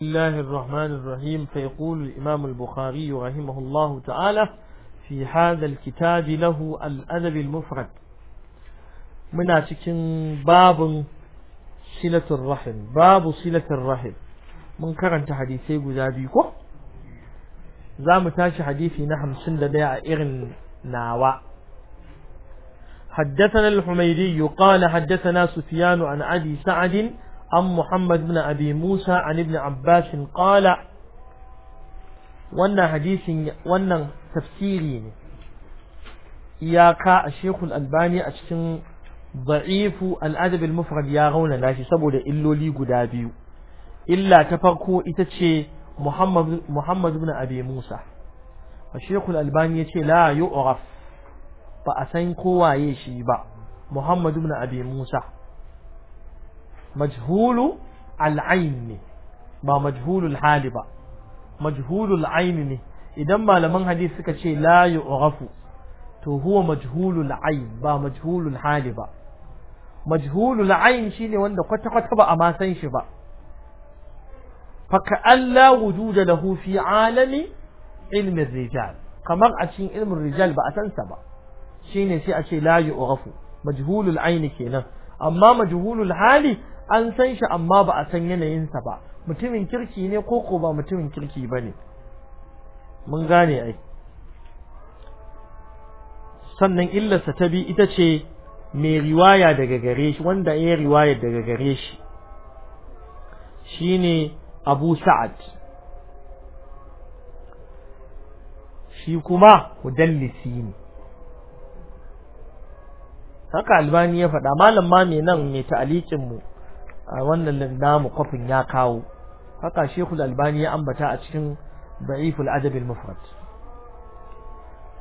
بسم الله الرحمن الرحيم فيقول الإمام البخاري رحمه الله تعالى في هذا الكتاب له الأدب المفرد من أتكن باب صلة الرحم باب صلة الرحم من كرن حديثي قذابيكو زام تاشي حديثي نحن سند بيع إغن ناوى حدثنا الحميدي قال حدثنا سفيان عن أبي سعد عن محمد بن أبي موسى عن ابن عباس wannan hadisin wannan tafsiri ne iyaka a shekul albani a cikin ba'ifu al'adabin mufrad ya rauna nashi saboda illoli guda biyu illa ta farko ita ce muhammad ibn abi musa a shekul albani ya ce la yu'raf ba a san kowaye shi ba muhammad ibn abi musa majhulu alaini ne ba majhulu hali ba majhulul aini ne idan malaman hadis suka ce la yu'rafu to huwa majhulu ain ba majhulu hali ba majhulul ain shine wanda kwata kwata ba a masan shi ba fa Allah alla wujuda lahu fi alami rijal kamar a cikin ilmin rijal ba a sansa ba shine sai a ce la yu'rafu majhulul ain kenan amma majhulul hali an san shi amma ba a san yanayinsa ba mutumin kirki ne ko ko ba mutumin kirki ba ne mun gane ai sannan illarsa ta bi ita ce mai riwaya daga gare shi wanda ya riwaya daga gare shi shine abu sa'ad shi kuma mudallisi ne haka albani ya faɗa malam ma mai nan mai ta'alikin mu a wannan namu kwafin ya kawo haka shekul albani ya ambata a cikin da'iful adabin mufrad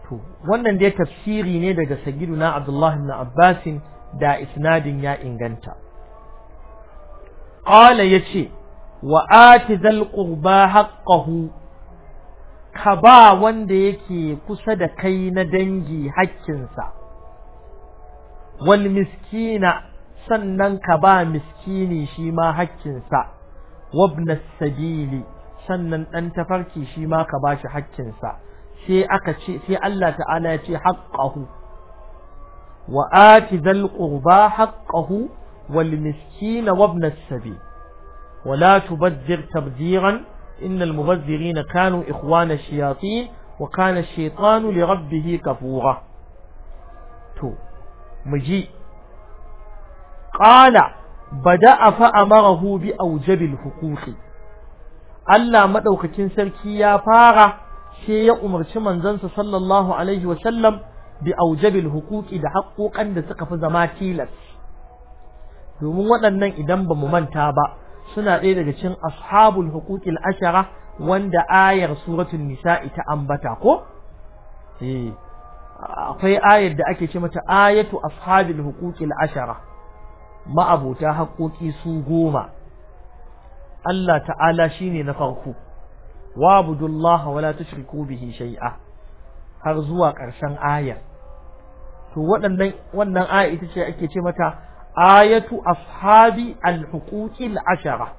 to wannan dai tafsiri ne daga na abdullahi na abbasin da isnadin ya inganta ya ce wa ati zal haƙahu kaba ka ba wanda yake kusa da kai na dangi hakkinsa wal miskina sannan ka ba miskini shi ma hakkinsa wabna sabili sannan ɗan tafarki shi ma ka ba shi hakkinsa sai aka ce sai Allah ta'ala ya ce haqqahu wa ati dhal qurba haqqahu wal miskina wabna sabil ولا تبذر تبذيرا إن المبذرين كانوا إخوان الشياطين وكان الشيطان لربه كفورا تو مجيء qala bada'a fa amarahu bi aujabil hukuki Allah maɗaukakin sarki ya fara sai ya umarci manzansa sallallahu alaihi wa sallam bi aujabil hukuki da haƙoƙan da suka fi zama tilas domin waɗannan idan ba mu manta ba suna ɗaya daga cikin ashabul huquqil ashara wanda ayar suratun nisa'i ta ambata ko akwai ayar da ake ce mata ayatu ashabil huquqil ashara ma'abota haƙoƙi su goma Allah ta'ala shine na farko wa abudullaha wala tushriku bihi shay'a har zuwa ƙarshen aya to waɗannan wannan aya ita ce ake ce mata ayatu ashabi al ashara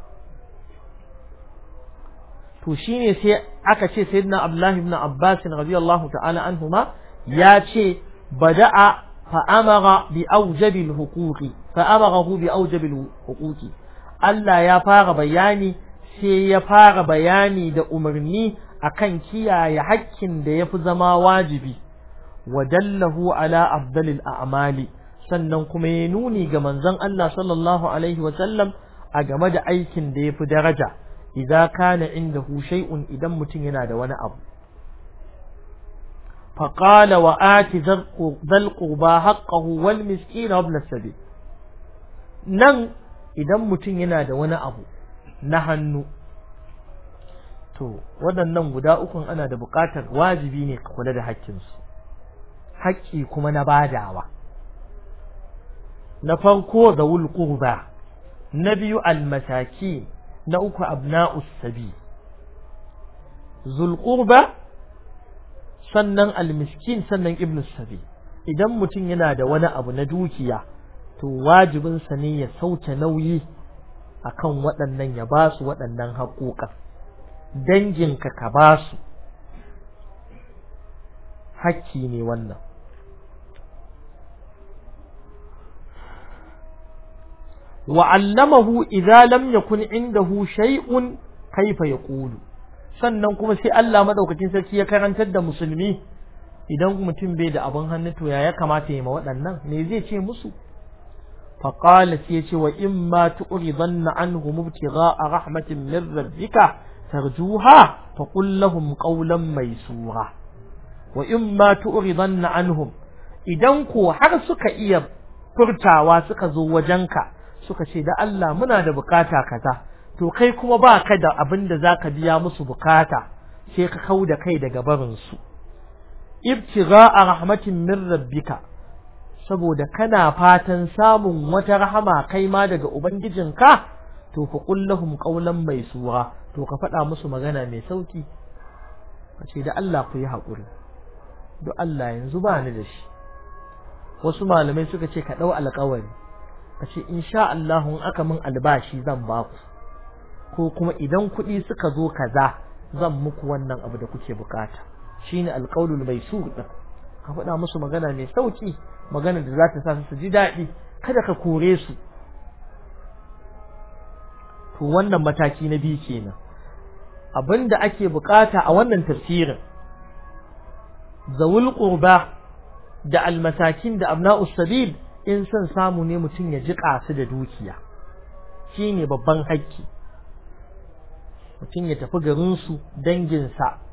to shine sai aka ce sayyidina Abdullah ibn Abbas radiyallahu ta'ala anhuma ya ce bada'a fa amara bi awjabil huquqi فأمره بأوجب الحقوق Allah ya fara bayani sai ya fara bayani da umarni akan kiyaye hakkin da yafi zama wajibi wajallahu ala afdalil a'mali sannan kuma ya nuni ga manzon Allah sallallahu alaihi wa sallam a game da aikin da yafi daraja idza kana indahu shay'un idan mutum yana da wani abu faqala wa ati dhal qurba haqqahu wal miskina ibn sabil nan idan mutum yana da wani abu na hannu to waɗannan guda ukun ana da buƙatar wajibi ne ka kula da haƙƙinsu haƙƙi kuma na badawa na farko da wulƙurba na biyu almasaki na uku abna'us sabi zulƙurba sannan almiskin sannan ibnus sabi idan mutum yana da wani abu na dukiya to wajibinsa ne ya sauke nauyi akan waɗannan ya ba su waɗannan haƙoƙa danginka ka ba su hakki ne wannan wa'allamahu idza lam yakun indahu shay'un kaifa yaqulu sannan kuma sai Allah maɗaukacin sarki ya karantar da musulmi idan mutum bai da abin hannu to ya kamata ya ma waɗannan me zai ce musu فقال سيتي وإما تؤرضن عنهم ابتغاء رحمة من ربك ترجوها فقل لهم قولا ميسورا وإما تؤرضن عنهم idan ko har suka iya furtawa suka zo wajenka suka ce da Allah muna da bukata kaza to kai kuma ba ka da abin da za ka biya musu bukata sai ka kau da kai daga barinsu ibtigha a rahmatin min rabbika saboda kana fatan samun wata rahama kai ma daga ubangijinka to fa kullahum lahum mai maysura to ka faɗa musu magana mai sauki kace da Allah ku yi hakuri do Allah yanzu ba ni da shi wasu malamai suka ce ka dau alƙawari kace insha Allah in aka min albashi zan ba ku ko kuma idan kuɗi suka zo kaza zan muku wannan abu da kuke bukata shine alqaulul maisur ka faɗa musu magana mai sauƙi magana da za ta sa su ji daɗi kada ka kore su to wannan mataki na biyu kenan abinda ake bukata a wannan tafsirin zawul qurba da almasakin da abna'u sabil in san samu ne mutum ya jiƙa su da dukiya shine babban hakki mutum ya tafi garinsu danginsa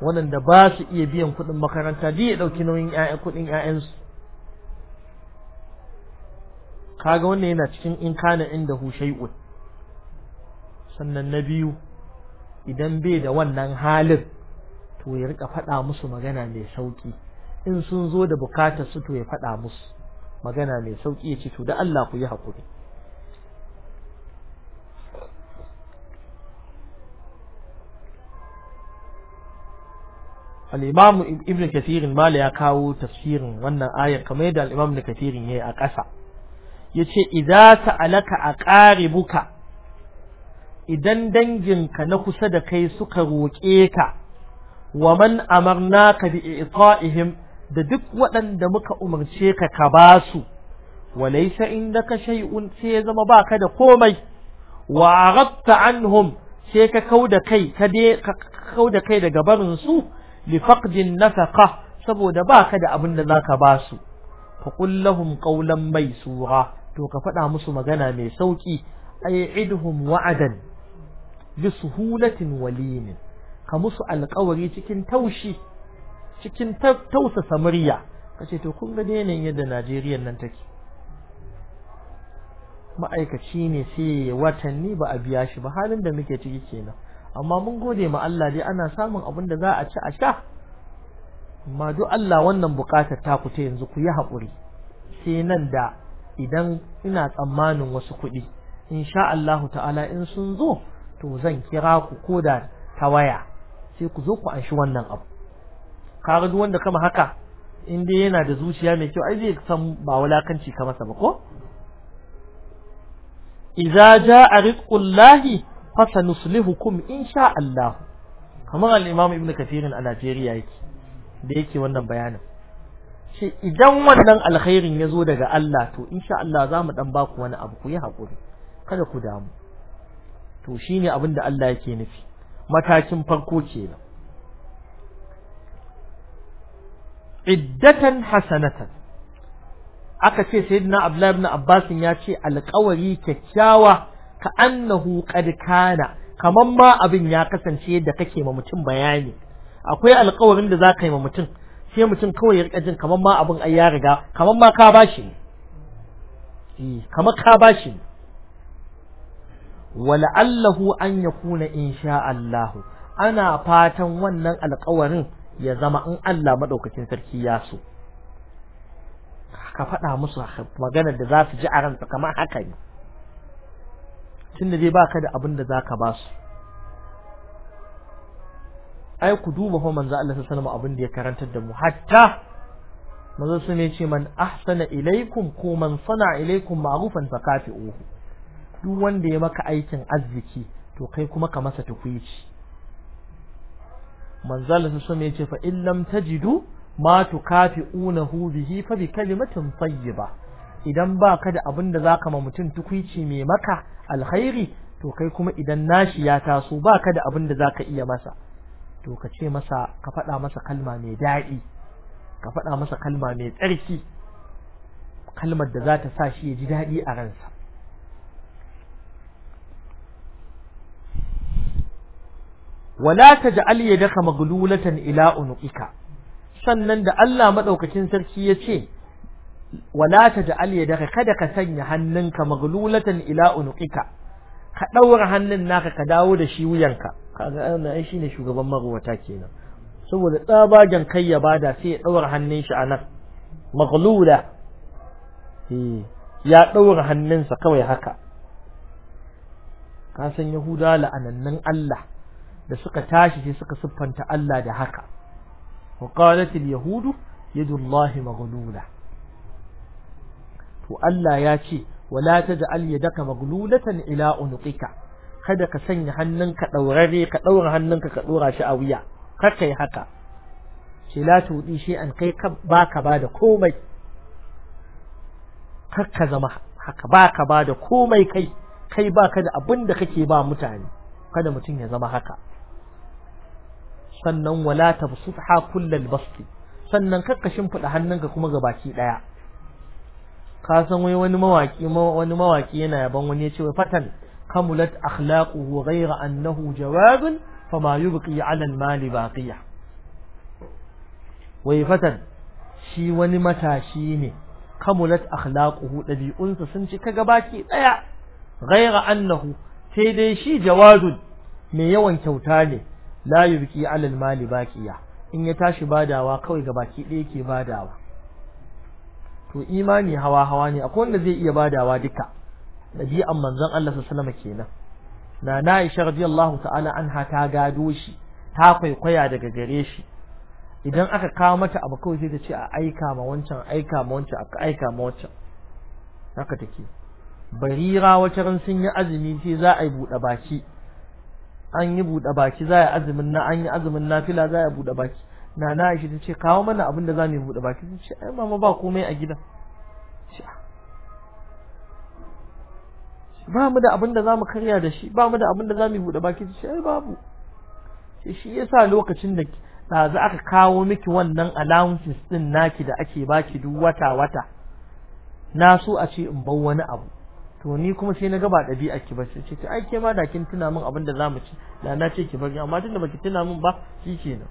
waɗanda ba su iya biyan kuɗin makaranta duk ya ɗauki nauyin kuɗin ‘ya'yansu kaga wannan yana cikin in kana inda hu shay'un sannan na biyu idan bai da wannan halin to ya rika faɗa musu magana mai sauki in sun zo da bukatar su to ya faɗa musu magana mai sauƙi ya ce to da Allah ku yi haƙuri. al-imam ibn kathir mala ya kawo tafsirin wannan ayar kamar yadda al-imam ibn kathir yayi a ƙasa yace idza ta'alaka aqaribuka idan danginka na kusa da kai suka roƙe ka wa man amarnaka bi i'ta'ihim da duk waɗanda muka umarce ka ka ba su wa laysa indaka shay'un sai ya zama baka da komai wa aghatta anhum sai ka kauda kai ka ka kauda kai daga barin su li faqdin nafaqa saboda baka da abin da zaka ba su fa qul lahum mai maysura to ka faɗa musu magana mai sauki ay idhum wa'adan bi suhulatin walin ka musu alƙawari cikin taushi cikin tausasa murya kace to kun ga yanayin yadda Najeriya nan take ma'aikaci ne sai watanni ba a biya shi ba halin da muke ciki kenan amma mun gode ma Allah dai ana samun abin da za a ci a sha amma duk Allah wannan bukatar ta ku ta yanzu ku yi haƙuri sai nan da idan ina tsammanin wasu kuɗi insha Allahu ta'ala in sun zo to zan kira ku ko da ta waya sai ku zo ku anshi wannan abu kaga duk wanda kama haka in dai yana da zuciya mai kyau ai zai san ba wulakanci ka masa ba ko idza jaa rizqullahi fasanuslihukum insha Allah kamar al-Imam Ibn Kathir a Najeriya yake da yake wannan bayanin shi idan wannan alkhairin ya zo daga Allah to sha Allah za dan baku wani abu ku yi hakuri kada ku damu to shine abin da Allah yake nufi matakin farko kenan iddatan hasanatan aka ce sayyidina Abdullah ibn Abbas ya ce alƙawari kyakkyawa ka annahu qad kana kaman ma abin ya kasance yadda kake ma mutum bayani akwai alƙawarin da zaka yi ma mutum sai mutum kawai ya rika jin kaman ma abin ai ya riga kaman ma ka bashi ne eh, kaman ka bashi ne allahu an yakuna insha Allah ana fatan wannan alƙawarin ya zama in Allah madaukakin sarki ya so ka faɗa musu maganar da za su ji a ransa kamar haka ne da zai baka da abin da zaka ba su ai ku duba ho manzo Allah sallallahu alaihi abin da ya karantar da mu hatta manzo sun ne ce man ahsana ilaikum ko man sana ilaikum ma'rufan fakafi'uhu duk wanda ya maka aikin arziki to kai kuma ka masa tukwici manzo Allah sallallahu alaihi ce fa in lam tajidu ma tukafi'unahu bihi fa bi kalimatin tayyiba idan ba ka da abin da za ka ma mutum tukwici mai maka alkhairi to kai kuma idan nashi ya taso ba ka da abin da za ka iya masa to ka ce masa ka faɗa masa kalma mai daɗi ka faɗa masa kalma mai tsarki kalmar da za ta sa shi ya ji daɗi a ransa wala taj'al yadaka daka ila unuqika sannan da Allah madaukakin sarki yace wala taj'al yadaka kada ka sanya hannunka maglulatan ila unuqika ka daura hannun naka ka dawo da shi wuyanka kaga ai shine shugaban magwata kenan saboda tsabagen kai ya bada sai ya daura hannun shi anan maglula ya daura hannunsa kawai haka ka san yahuda la'anannin Allah da suka tashi sai suka siffanta Allah da haka وقالت اليهود يد الله مغلوله to Allah ya ce wala taj'al yadaka maglulatan ila unuqika kada ka sanya hannunka daurare ka daura hannunka ka dora shi a wuya kar kai haka ce la tudi shi an kai ka baka bada komai kar zama haka baka bada komai kai kai baka da abin da kake ba mutane kada mutum ya zama haka sannan wala tabsutha kullal basti sannan kakka shimfida hannunka kuma ga baki daya ka san wai wani mawaki wani mawaki yana yaban wani yace wai fatan kamulat akhlaquhu ghayra annahu fa ma yubqi ala al-mali baqiya wai fatan shi wani matashi ne kamulat akhlaquhu dabi'unsa sun ci kaga baki daya ghayra annahu sai dai shi jawadun mai yawan kyauta ne la yubqi ala al-mali baqiya in ya tashi badawa kawai ga baki daya yake badawa to imani hawa hawa ne akwai wanda zai iya badawa duka dabi'an manzon Allah sallallahu alaihi kenan na na Aisha radiyallahu ta'ala anha ta gado shi ta kwaikwaya daga gare shi idan aka kawo mata abu kawai sai ta ce a aika ma wancan aika ma wancan aka aika ma wancan haka take barira wata ran sun yi azumi sai za a yi buɗe baki an yi buɗe baki za a yi azumin na an yi azumin nafila za a yi buɗe baki na na shi ta ce kawo mana abin da za mu buɗe baki ta ce ai mama ba komai a gidan ah. ba mu da abin da za mu karya da shi ba mu da abin da za mu buɗe baki ta ce ai babu shi shi sa lokacin da ɗazu aka kawo miki wannan allowances ɗin naki da ake baki duk wata wata na so a ce in bau wani abu to ni kuma sai na ga ba a ki ba ce ai ke ma da kin tuna min abin da za mu ci da na ce ki bari amma tunda baki tuna min ba shi kenan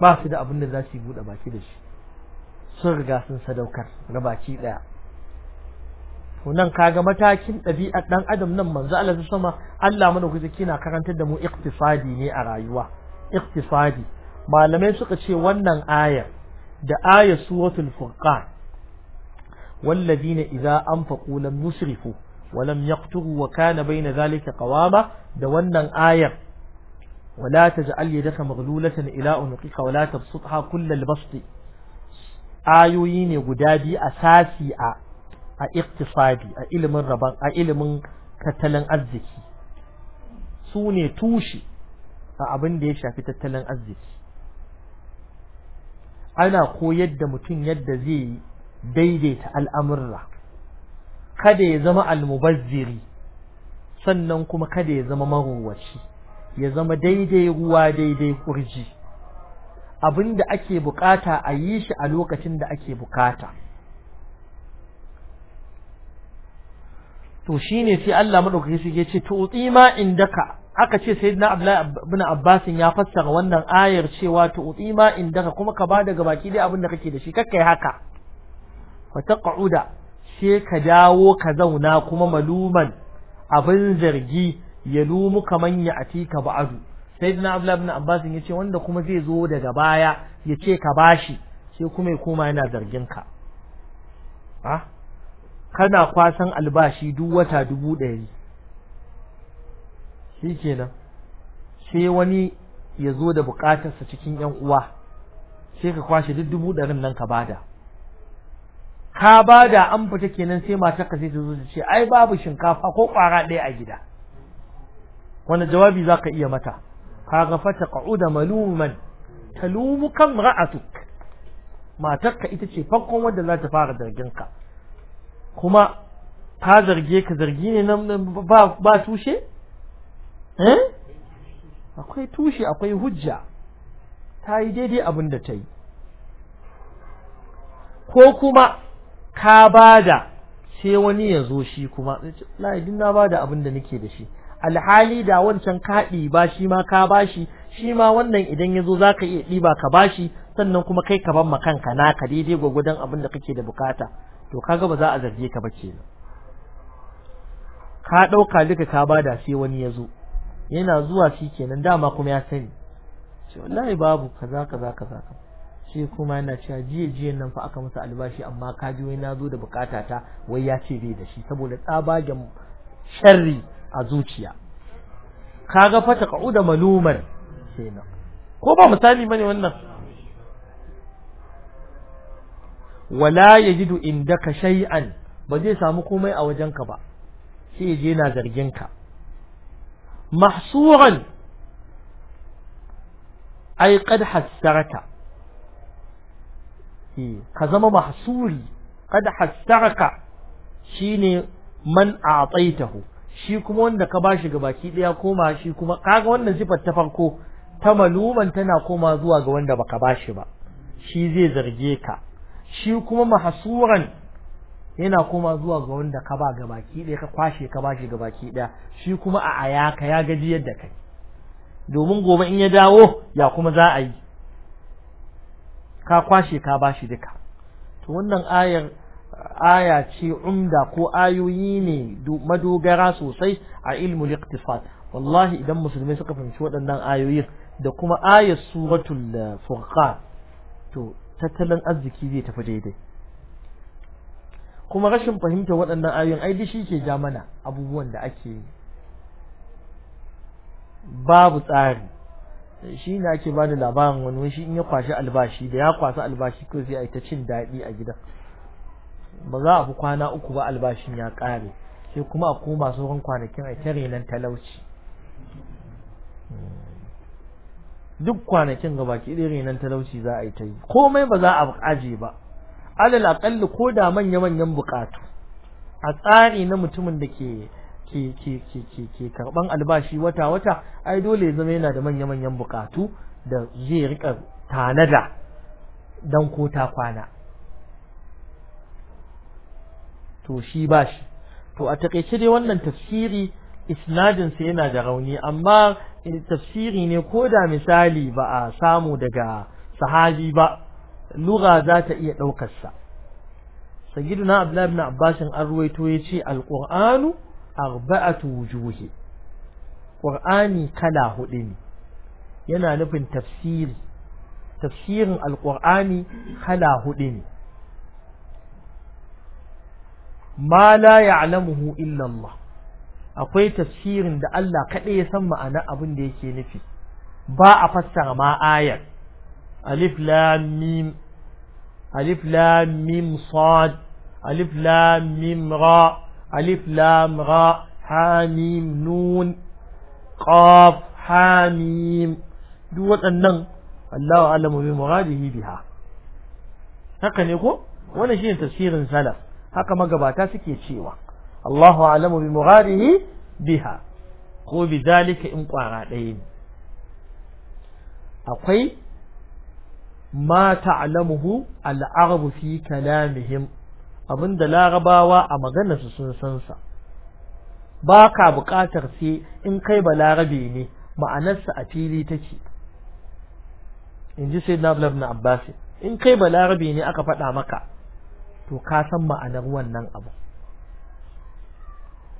ba su da abin da za su yi buɗe baki da shi sun riga sun sadaukar na baki ɗaya to nan kaga matakin ɗabi'ar ɗan adam nan manzo Allah ta sama Allah mana kuzi kina karantar da mu iqtisadi ne a rayuwa iqtisadi malamai suka ce wannan ayar da ayar suratul furqan والذين إذا أنفقوا لم يسرفوا ولم يقتروا وكان بين ذلك قواما da wannan ayar ولا تجعل يدك مغلولة إلى أنقك ولا تبسطها كل البسط a قدادي a اقتصادي علم الربان علم tattalin arziki su ne tushe a abin da ya shafi tattalin arziki ana koyar da mutum yadda zai daidaita al'amurra kada ya zama almubazziri sannan kuma kada ya zama marowaci ya zama daidai ruwa daidai kurji abin da ake bukata a yi shi a lokacin da ake bukata to shine sai Allah madaukaki shi ya ce to tsima indaka aka ce sayyidina Abdullahi ibn Abbas ya fassara wannan ayar cewa to tsima indaka kuma ka ba daga baki dai abin da kake da shi kakkai haka fa taqauda sai ka dawo ka zauna kuma maluman abin zargi lumu kaman ya atika ba'du sayyidina abdullah ibn abbas yace wanda kuma zai zo daga baya yace ka bashi sai kuma ya koma yana zargin ka ha kana kwasan albashi duk wata dubu ɗari shi sai wani ya zo da bukatarsa cikin yan uwa sai ka kwashe duk dubu ɗarin nan ka bada ka bada an fita kenan sai matar ka sai ta zo ta ce ai babu shinkafa ko kwara ɗaya a gida wani jawabi za ka iya mata ka ga fata ƙa'uda maluman talumukan ra'atuk matarka ita ce farkon wadda za ta fara zarginka kuma ta zarge ka zargi ne nan ba tushe? eh akwai tushe akwai hujja ta yi daidai abin da ta yi ko kuma ka bada sai wani ya zo shi kuma la'idin ba da abin da nake da shi alhali da wancan kaɗi ɗiba shi ma ka bashi shi ma wannan idan ya zo za ka iya ɗiba ka bashi sannan kuma kai ka ban kanka na ka daidai gwagwadon abin da kake da bukata to kaga ba za a zarge ka ba kenan ka ɗauka duka ka bada sai wani ya zo yana zuwa shi kenan dama kuma ya sani ce wallahi babu kaza kaza kaza sai kuma yana cewa jiya jiya nan fa aka masa albashi amma ka ji wai na zo da bukata ta wai ya ce bai da shi saboda tsabagen sharri a zuciya Ka kaga fata taqauda maluman kenan ko ba misali bane wannan wala yajidu indaka shay'an ba zai samu komai a wajenka ba sai je na zargin ka mahsuran ai qad hasaraka eh, ka zama mahsuri qad hasaraka shine man a'taitahu shi kuma wanda ka bashi ga baki daya koma shi kuma kaga wannan sifar ta farko ta maluman tana koma zuwa ga wanda baka ba shi ba shi zai zarge ka shi kuma mahasuran yana koma zuwa ga wanda ka ba ga baki daya ka kwashe ka ba ga baki daya shi kuma a ayaka ya gaji yadda kai domin gobe in ya dawo ya kuma za a yi ka kwashe ka ba shi duka to wannan ayar aya ce umda ko ayoyi ne madogara sosai a ilmu liqtifat wallahi idan musulmai suka fahimci waɗannan ayoyin da kuma ayat suratul eh, furqan to tattalin arziki zai tafi daidai kuma rashin fahimta waɗannan ayoyin ai shi ke ja mana abubuwan da ake babu tsari shi ne ake bada labarin wani shi in ya kwashi albashi da ya kwasa albashi ko zai aita cin daɗi a gidan ba za a fi kwana uku ba albashin ya ƙare sai kuma a koma sauran kwanakin a tare nan talauci duk kwanakin ga baki ɗaya nan talauci za a yi ta yi komai ba za a aje ba alal aƙalli ko da manya-manyan buƙatu a tsari na mutumin da ke ke ke ke ke ke karban albashi wata-wata ai dole ya zama yana da manya-manyan buƙatu da zai riƙa tanada don ko ta kwana to shi ba shi to a takaice dai wannan tafsiri isnadinsa yana da rauni amma eh, tafsiri ne ko da misali ba a samu daga sahabi ba lura za ta iya ɗaukarsa na abdullahi ibn abbas an ruwaito yace alqur'anu arba'atu wujuhi Ƙur'ani kala huɗu ne yana nufin tafsiri tafsirin alqur'ani kala hudu ne ma la ya'lamuhu illa Allah akwai tafsirin da Allah kadai ya san ma'ana abin da yake nufi ba a fassara ma ayar alif lam mim alif lam mim sad alif lam mim ra alif lam ra ha mim nun qaf ha mim duk waɗannan Allah alamu bi muradihi biha haka ne ko wannan shine tafsirin salaf haka magabata suke cewa Allahu a'lamu bi muradihi biha ko bi zalika in kwara ɗaya akwai ma ta'lamuhu al-arabu fi kalamihim abinda larabawa a magana su sun san sa ba ka buƙatar sai in kai ba larabe ne ma'anarsa a fili take in ji sai na ibn abbas in kai ba larabe ne aka faɗa maka to ka san ma'anar wannan abu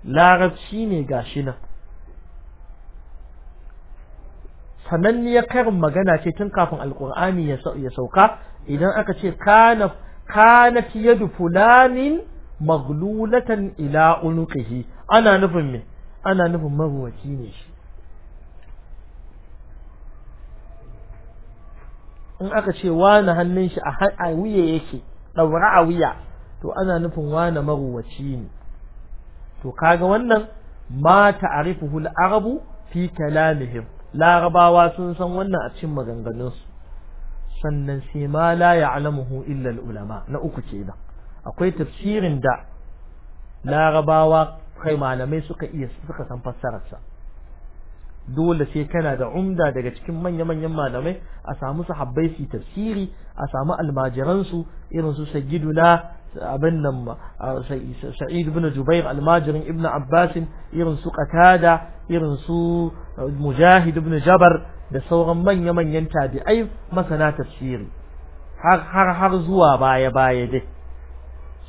larabci ne gashi nan sananniyar karin magana ce tun kafin alkur'ani ya sauka idan aka ce kana kana yadu fulanin maglulatan ila ana nufin me ana nufin maruwaci ne shi in aka ce wani hannun shi a wuya yake ɗaura a wuya to ana nufin wane maruwaci ne to kaga wannan ma ta'rifuhu al-arabu fi kalamihim larabawa sun san wannan a cikin maganganunsu sannan sai ma la ya'lamuhu illa al-ulama na uku ce da akwai tafsirin da larabawa kai malamai suka iya suka san fassararsa dole sai kana da umda daga cikin manya-manyan malamai a samu sahabbai su tafsiri a samu almajiransu irin su sayyiduna abin nan sa'id ibn jubair almajirin ibn abbas irin su qatada irin su uh, mujahid ibn jabar da sauran manya-manyan tabi'ai masana tafsiri har har har zuwa baya-baya dai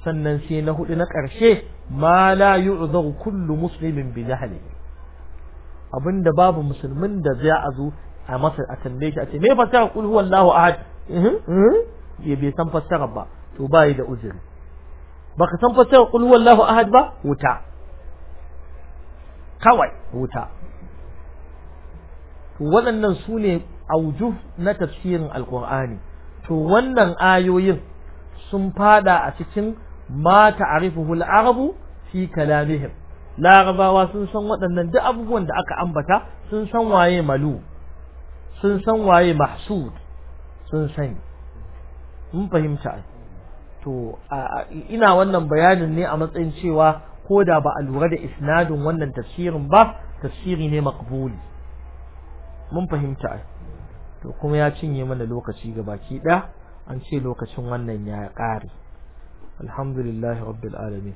sannan sai na hudu na ƙarshe ma la yu'dharu kullu muslimin bi jahlihi abinda babu musulmin da zai a zo a masa a tambaye shi a ce me fasara kul huwallahu ahad eh, eh. ya bai san fasara ba to bai da uzuri baka san fasara kul huwallahu ahad ba wuta kawai wuta to waɗannan su ne aujuh na tafsirin alqur'ani to wannan ayoyin sun fada a cikin ma ta'rifuhu al-arabu fi kalamihim larabawa sun san waɗannan duk abubuwan da aka ambata sun san waye malu sun san waye mahsud sun sani mun fahimta to ina wannan bayanin ne a matsayin cewa ko da ba a lura da isnadin wannan tafsirin ba tafsiri ne makabuli mun fahimta to kuma ya cinye mana lokaci gabaki ɗaya an ce lokacin wannan ya ƙare alhamdulillahi rabbil alamin